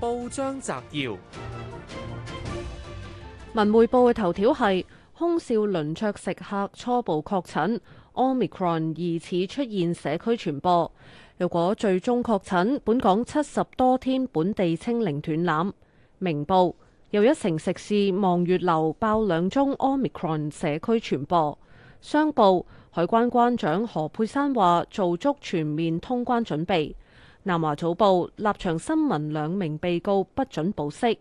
報章摘要：《文匯報》嘅頭條係“空少輪桌食客初步確診 Omicron 疑似出現社區傳播”，若果最終確診，本港七十多天本地清零斷纜。《明報》又一城食肆望月樓爆兩宗 Omicron 社區傳播。《商報》海關關長何佩珊話做足全面通關準備。南華早報，立場新聞兩名被告不准保釋，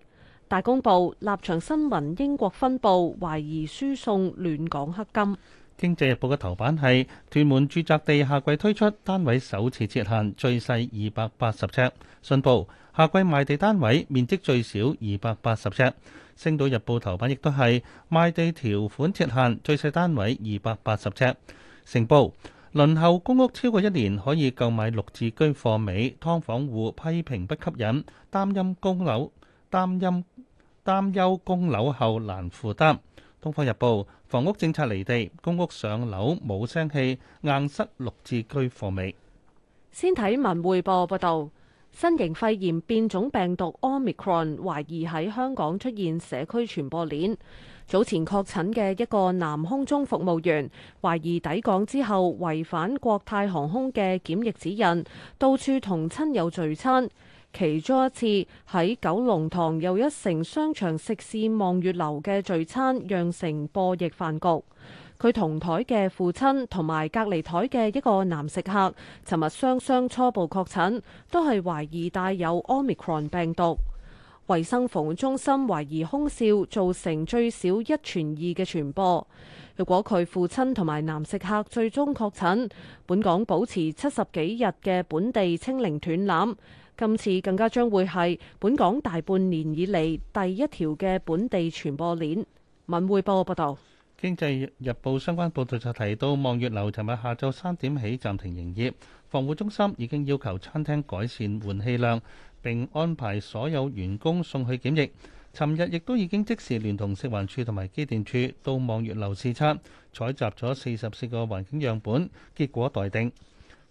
大公報，立場新聞英國分部懷疑輸送亂港黑金。經濟日報嘅頭版係屯門住宅地下季推出單位首次設限最細二百八十尺，信報下季賣地單位面積最少二百八十尺。星島日報頭版亦都係賣地條款設限最細單位二百八十尺。成報，輪候公屋超過一年可以購買綠置居貨尾，劏房戶批評不吸引，擔憂供樓擔憂擔憂供樓後難負擔。《東方日報》房屋政策離地，公屋上樓冇聲氣，硬塞綠置居貨尾。先睇文匯報報導，新型肺炎變種病毒 Omicron 懷疑喺香港出現社區傳播鏈。早前確診嘅一個男空中服務員，懷疑抵港之後違反國泰航空嘅檢疫指引，到處同親友聚餐，其中一次喺九龍塘又一城商場食肆望月樓嘅聚餐，釀成播疫飯局。佢同台嘅父親同埋隔離台嘅一個男食客，尋日雙雙初步確診，都係懷疑帶有 Omicron 病毒。衛生防護中心懷疑空少，造成最少一傳二嘅傳播。若果佢父親同埋男食客最終確診，本港保持七十幾日嘅本地清零斷纜，今次更加將會係本港大半年以嚟第一條嘅本地傳播鏈。文匯報報道，《經濟日報》相關報道就提到，望月樓尋日下晝三點起暫停營業。防護中心已經要求餐廳改善換氣量，並安排所有員工送去檢疫。尋日亦都已經即時聯同食環署同埋機電署到望月樓視察，採集咗四十四個環境樣本，結果待定。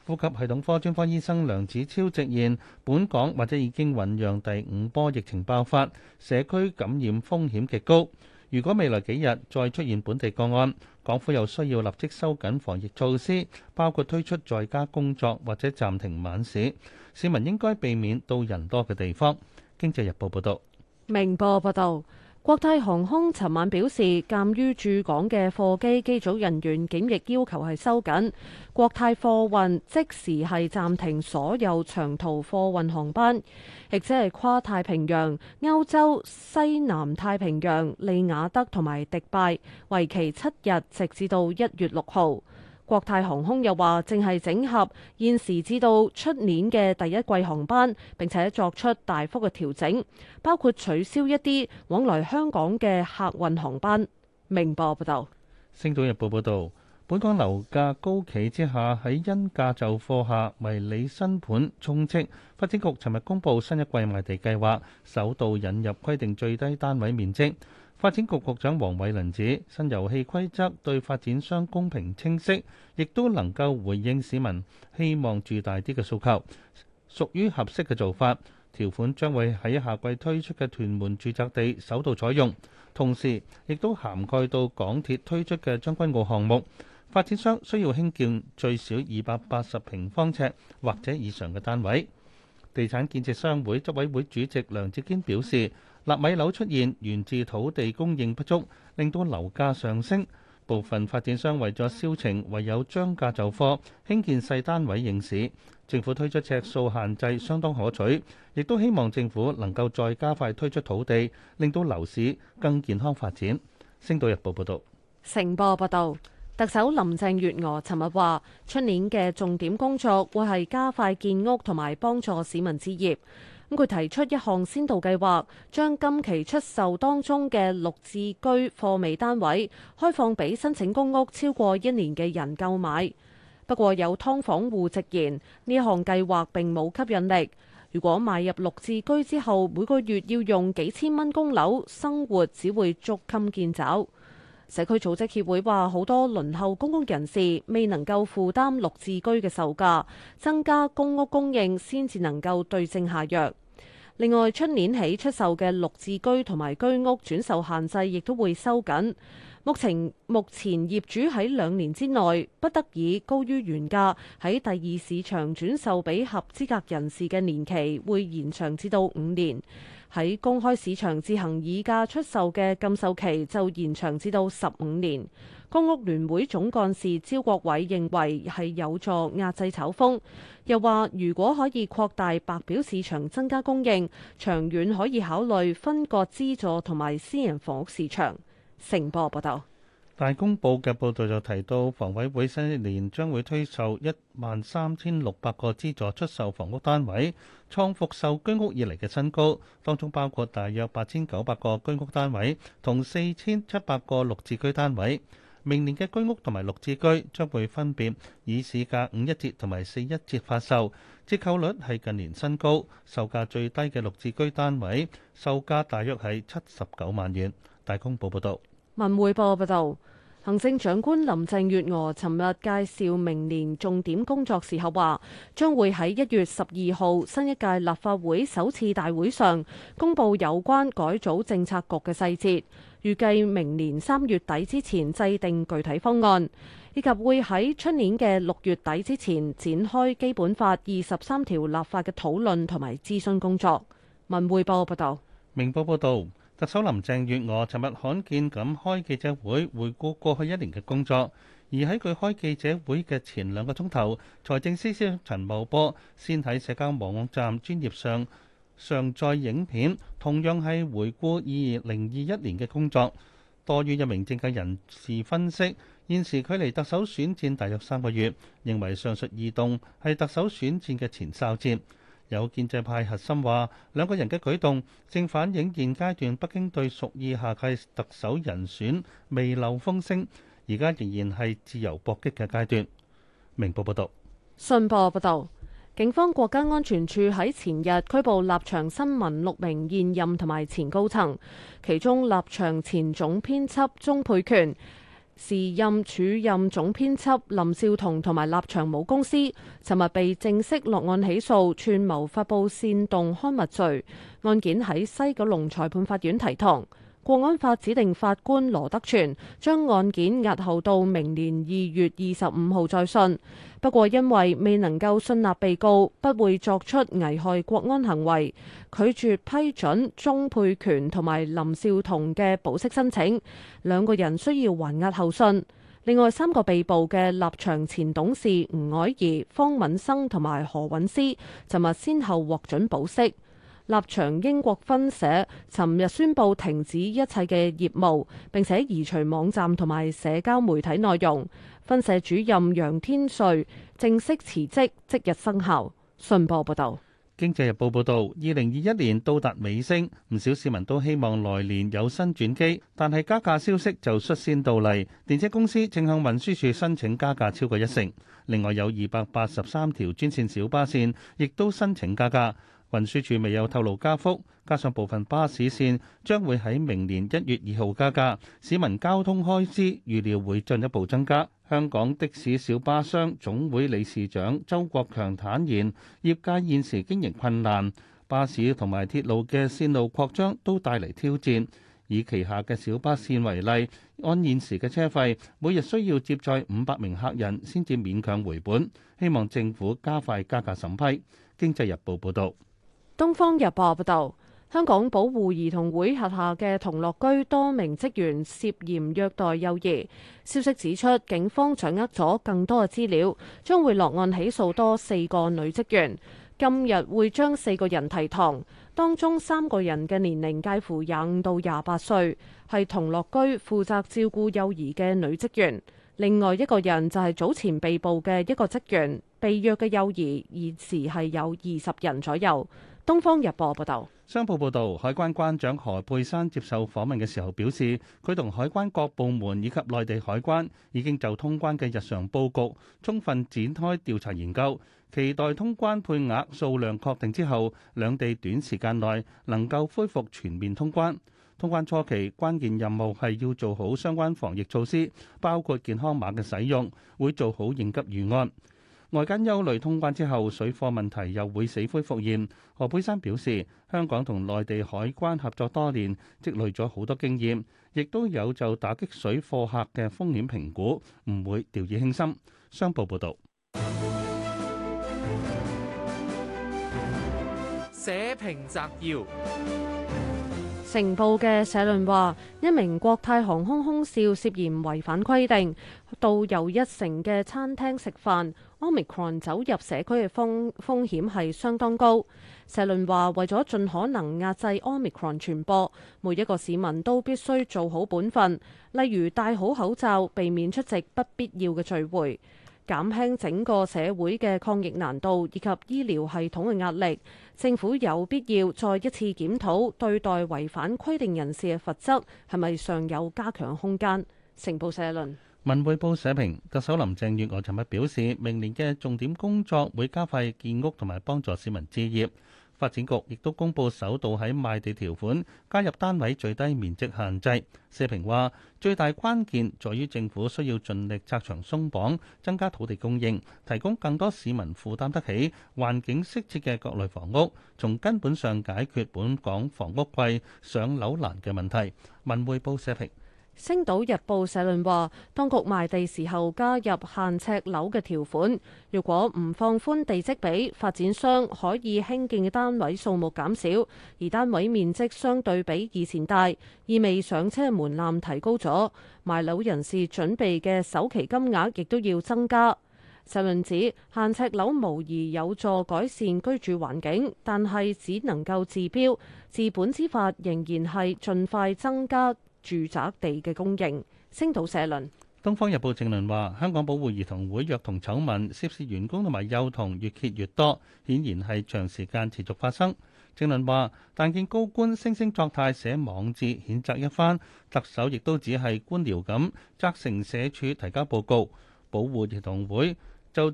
呼吸系統科專科醫生梁子超直言，本港或者已經醖釀第五波疫情爆發，社區感染風險極高。如果未來幾日再出現本地個案，港府又需要立即收緊防疫措施，包括推出在家工作或者暫停晚市。市民應該避免到人多嘅地方。經濟日報報道。明報報道。國泰航空尋晚表示，鑒於駐港嘅貨機機組人員檢疫要求係收緊，國泰貨運即時係暫停所有長途貨運航班，亦即係跨太平洋、歐洲、西南太平洋、利雅德同埋迪拜，為期七日，直至到一月六號。國泰航空又話，正係整合現時至到出年嘅第一季航班，並且作出大幅嘅調整，包括取消一啲往來香港嘅客運航班。明報報道，《星島日報》報道，本港樓價高企之下，喺因價就貨下，迷你新盤充斥。發展局尋日公布新一季賣地計劃，首度引入規定最低單位面積。發展局局長黃偉綸指新遊戲規則對發展商公平清晰，亦都能夠回應市民希望住大啲嘅訴求，屬於合適嘅做法。條款將會喺下季推出嘅屯門住宅地首度採用，同時亦都涵蓋到港鐵推出嘅將軍澳項目。發展商需要興建最少二百八十平方尺或者以上嘅單位。地產建設商會執委會主席梁志堅表示，納米樓出現，源自土地供應不足，令到樓價上升。部分發展商為咗銷情，唯有將價就貨，興建細單位應市。政府推出尺數限制，相當可取，亦都希望政府能夠再加快推出土地，令到樓市更健康發展。星島日報報道：「成報報導，特首林鄭月娥尋日話，出年嘅重點工作會係加快建屋同埋幫助市民置業。咁佢提出一項先導計劃，將今期出售當中嘅綠置居貨尾單位開放俾申請公屋超過一年嘅人購買。不過有㓥房戶直言，呢項計劃並冇吸引力。如果買入綠置居之後，每個月要用幾千蚊供樓，生活只會捉襟見肘。社區組織協會話：好多輪候公屋人士未能夠負擔綠置居嘅售價，增加公屋供應先至能夠對症下藥。另外，春年起出售嘅綠置居同埋居屋轉售限制亦都會收緊。目前目前業主喺兩年之內不得以高於原價喺第二市場轉售俾合資格人士嘅年期，會延長至到五年。喺公開市場自行議價出售嘅禁售期就延長至到十五年。公屋聯會總幹事招國偉認為係有助壓制炒風，又話如果可以擴大白表市場增加供應，長遠可以考慮分割資助同埋私人房屋市場。成波報道。大公報嘅報道就提到，房委會新一年將會推售一萬三千六百個資助出售房屋單位，創復售居屋以嚟嘅新高，當中包括大約八千九百個居屋單位同四千七百個綠置居單位。明年嘅居屋同埋綠置居將會分別以市價五一折同埋四一折發售，折扣率係近年新高。售價最低嘅綠置居單位售價大約係七十九萬元。大公報報道。文匯報報道，行政長官林鄭月娥尋日介紹明年重點工作時候話，將會喺一月十二號新一屆立法會首次大會上公布有關改組政策局嘅細節，預計明年三月底之前制定具體方案，以及會喺出年嘅六月底之前展開《基本法》二十三條立法嘅討論同埋諮詢工作。文匯報報道。明報報道。特首林鄭月娥尋日罕見咁開記者會，回顧過去一年嘅工作。而喺佢開記者會嘅前兩個鐘頭，財政司司長陳茂波先喺社交網站專業上上載影片，同樣係回顧二零二一年嘅工作。多於一名政界人士分析，現時距離特首選戰大約三個月，認為上述異動係特首選戰嘅前哨戰。有建制派核心話，兩個人嘅舉動正反映現階段北京對屬意下屆特首人選未漏風聲，而家仍然係自由搏擊嘅階段。明報報道，信報報道，警方國家安全處喺前日拘捕立場新聞六名現任同埋前高層，其中立場前總編輯鍾沛權。時任署任總編輯林紹桐同埋立場母公司，尋日被正式落案起訴串謀發佈煽動刊物罪，案件喺西九龍裁判法院提堂。國安法指定法官羅德全將案件押後到明年二月二十五號再訊，不過因為未能夠信納被告不會作出危害國安行為，拒絕批准鍾沛權同埋林紹桐嘅保釋申請，兩個人需要還押候訊。另外三個被捕嘅立場前董事吳靄儀、方敏生同埋何韻詩，尋日先後獲准保釋。立場英國分社尋日宣布停止一切嘅業務，並且移除網站同埋社交媒體內容。分社主任楊天瑞正式辭職，即日生效。信報報道：《經濟日報》報道，二零二一年到達尾聲，唔少市民都希望來年有新轉機，但係加價消息就率先到嚟。電車公司正向運輸署申請加價超過一成，另外有二百八十三條專線小巴線亦都申請加價。運輸署未有透露加幅，加上部分巴士線將會喺明年一月二號加價，市民交通開支預料會進一步增加。香港的士小巴商總會理事長周國強坦言，業界現時經營困難，巴士同埋鐵路嘅線路擴張都帶嚟挑戰。以旗下嘅小巴線為例，按現時嘅車費，每日需要接載五百名客人先至勉強回本。希望政府加快加價審批。經濟日報報導。《東方日報》報道，香港保護兒童會轄下嘅同樂居多名職員涉嫌虐待幼兒。消息指出，警方掌握咗更多嘅資料，將會落案起訴多四個女職員。今日會將四個人提堂，當中三個人嘅年齡介乎廿五到廿八歲，係同樂居負責照顧幼兒嘅女職員。另外一個人就係早前被捕嘅一個職員。被虐嘅幼兒現時係有二十人左右。《東方日報》報道，商報報道，海關關長何佩珊接受訪問嘅時候表示，佢同海關各部門以及內地海關已經就通關嘅日常佈局充分展開調查研究，期待通關配額數量確定之後，兩地短時間內能夠恢復全面通關。通關初期關鍵任務係要做好相關防疫措施，包括健康碼嘅使用，會做好應急預案。外間憂慮通關之後，水貨問題又會死灰復現。何佩珊表示，香港同內地海關合作多年，積累咗好多經驗，亦都有就打擊水貨客嘅風險評估，唔會掉以輕心。商報報道，社評摘要：成報嘅社論話，一名國泰航空空少涉嫌違反規定，到又一城嘅餐廳食飯。奧密克戎走入社區嘅風風險係相當高。社論話，為咗盡可能壓制奧密克戎傳播，每一個市民都必須做好本分，例如戴好口罩，避免出席不必要嘅聚會，減輕整個社會嘅抗疫難度以及醫療系統嘅壓力。政府有必要再一次檢討對待違反規定人士嘅罰則，係咪尚有加強空間？成報社論。文匯報社評，特首林鄭月娥尋日表示，明年嘅重點工作會加快建屋同埋幫助市民置業。發展局亦都公布首度喺賣地條款加入單位最低面積限制。社評話，最大關鍵在於政府需要盡力拆牆鬆綁，增加土地供應，提供更多市民負擔得起、環境適切嘅各類房屋，從根本上解決本港房屋貴、上樓難嘅問題。文匯報社評。星島日報社論話，當局賣地時候加入限尺樓嘅條款，如果唔放寬地積比，發展商可以興建嘅單位數目減少，而單位面積相對比以前大，意味上車門檻提高咗，買樓人士準備嘅首期金額亦都要增加。社論指限尺樓無疑有助改善居住環境，但係只能夠治標，治本之法仍然係盡快增加。住宅地嘅供應。星島社論。東方日報正論話：香港保護兒童會虐童醜聞涉事員工同埋幼童越揭越多，顯然係長時間持續發生。正論話，但見高官惺惺作態寫網誌譴責一番，特首亦都只係官僚咁責成社署提交報告，保護兒童會就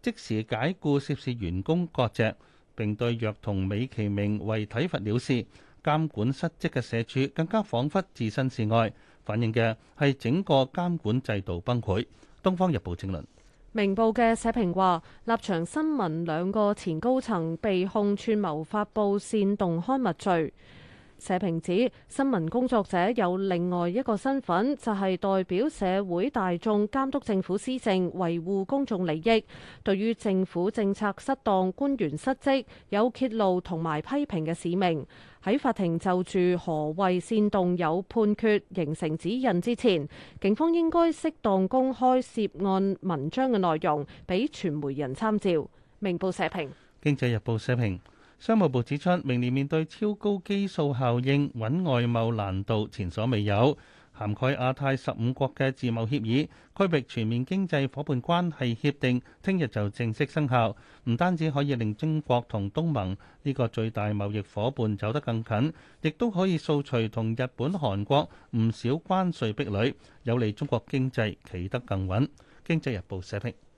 即時解雇涉事員工割蓆，並對虐童美其名為體罰了事。監管失職嘅社署更加彷彿置身事外，反映嘅係整個監管制度崩潰。《東方日報》正論。明報嘅社評話，立場新聞兩個前高層被控串謀發布煽動刊物罪。社評指，新聞工作者有另外一個身份，就係代表社會大眾監督政府施政、維護公眾利益。對於政府政策失當、官員失職，有揭露同埋批評嘅使命。喺法庭就住何為煽動有判決形成指引之前，警方應該適當公開涉案文章嘅內容，俾傳媒人參照。明報社評，經濟日報社評。商務部指出，明年面對超高基數效應，穩外貿難度前所未有。涵蓋亞太十五國嘅自貿協議區域全面經濟夥伴關係協定，聽日就正式生效。唔單止可以令中國同東盟呢個最大貿易夥伴走得更近，亦都可以掃除同日本、韓國唔少關稅壁壘，有利中國經濟企得更穩。經濟日報社評。